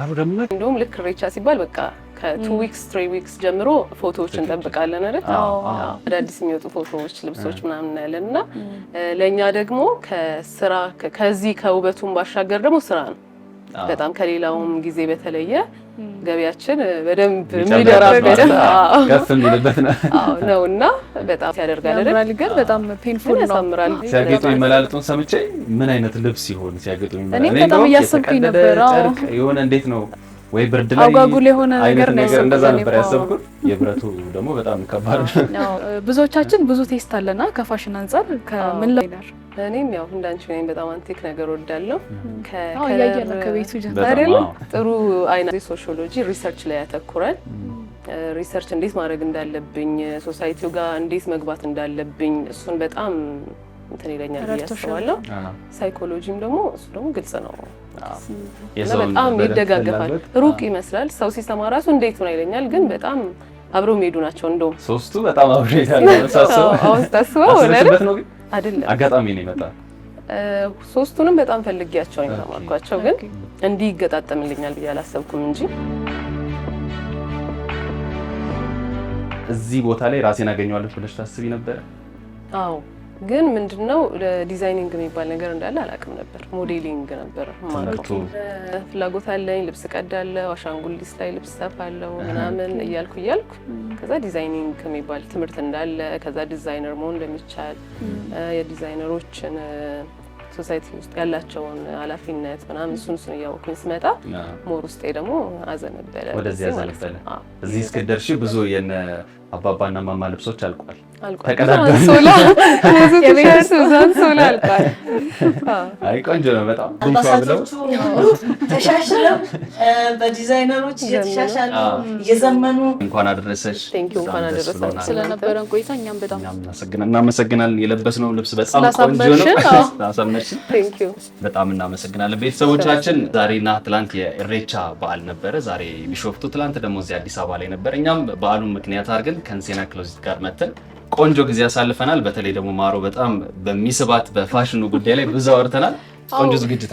እንደውም ልክ ሬቻ ሲባል በቃ ከቱ ዊክስ ትሪ ዊክስ ጀምሮ ፎቶዎች እንጠብቃለን አይደል? አዳዲስ የሚወጡ ፎቶዎች፣ ልብሶች ምናምን እናያለን እና ለእኛ ደግሞ ከስራ ከዚህ ከውበቱን ባሻገር ደግሞ ስራ ነው በጣም ከሌላውም ጊዜ በተለየ ገቢያችን በደንብ የሚደራበት ከፍ የሚልበት ነው እና በጣም ያደርጋል። ግን በጣም ፔንፉል ነው። ሲያጌጡ የሚመላልጡን ሰምቼ ምን አይነት ልብስ ይሆን ሲያገጡ በጣም እያሰብኩኝ ነበር። ጨርቅ የሆነ እንዴት ነው ወይ ብርድ ላይ አጓጉል የሆነ ነገር ነው። እንደዛ ነበር ያሰብኩት። የብረቱ ደግሞ በጣም ከባድ ነው። ብዙዎቻችን ብዙ ቴስት አለና ከፋሽን አንጻር ከምን ላይ እኔም ያው እንዳንቺ ነኝ። በጣም አንቲክ ነገር ወዳለሁ። ከቤቱ ጥሩ አይና ሶሽሎጂ ሪሰርች ላይ ያተኩራል። ሪሰርች እንዴት ማድረግ እንዳለብኝ፣ ሶሳይቲው ጋር እንዴት መግባት እንዳለብኝ እሱን በጣም እንትን ይለኛል ብዬ አስባለሁ። ሳይኮሎጂም ደግሞ እሱ ደግሞ ግልጽ ነው፣ በጣም ይደጋገፋል። ሩቅ ይመስላል ሰው ሲሰማ ራሱ እንዴት ነው ይለኛል፣ ግን በጣም አብረው የሚሄዱ ናቸው። እንደውም ሶስቱ በጣም አብረው ይሄዳሉ። ሳስበው ነው አይደለም አጋጣሚ ነው የመጣ ሶስቱንም በጣም ፈልጊያቸው የተማርኳቸው ግን እንዲህ ይገጣጠምልኛል ብዬ አላሰብኩም እንጂ እዚህ ቦታ ላይ ራሴን አገኘዋለሁ ብለሽ ታስቢ ነበረ? አዎ ግን ምንድነው ዲዛይኒንግ የሚባል ነገር እንዳለ አላውቅም ነበር። ሞዴሊንግ ነበር ማቀው። ፍላጎት አለኝ፣ ልብስ ቀዳለው፣ አሻንጉሊት ላይ ልብስ ሰፋለው ምናምን እያልኩ እያልኩ ከዛ ዲዛይኒንግ የሚባል ትምህርት እንዳለ ከዛ ዲዛይነር መሆን እንደሚቻል የዲዛይነሮችን ሶሳይቲ ውስጥ ያላቸውን ኃላፊነት ምናምን እሱን እሱን እያወቅኩኝ ስመጣ ሞር ውስጤ ደግሞ አዘነበለ ወደዚህ አዘነበለ። እዚህ እስክደርሺ ብዙ የነ አባባና ማማ ልብሶች አልቋል። ቆንጆ ነው በጣም ተሻሽለው በዲዛይነሮች እየተሻሻሉ እየዘመኑ እንኳን አደረሰሽ። ስለነበረን ቆይታ እኛም በጣም እናመሰግናለን። የለበስነው ልብስ በጣም ቆንጆ ነው። በጣም እናመሰግናለን። ቤተሰቦቻችን ዛሬና ትላንት የኢሬቻ በዓል ነበረ፣ ዛሬ ቢሾፍቱ፣ ትላንት ደግሞ እዚህ አዲስ አበባ ላይ ነበር። እኛም በዓሉን ምክንያት አድርገን ከንሴና ክሎዚት ጋር መተን ቆንጆ ጊዜ ያሳልፈናል። በተለይ ደግሞ ማሮ በጣም በሚስባት በፋሽኑ ጉዳይ ላይ ብዙ አውርተናል። ቆንጆ ዝግጅት ነው።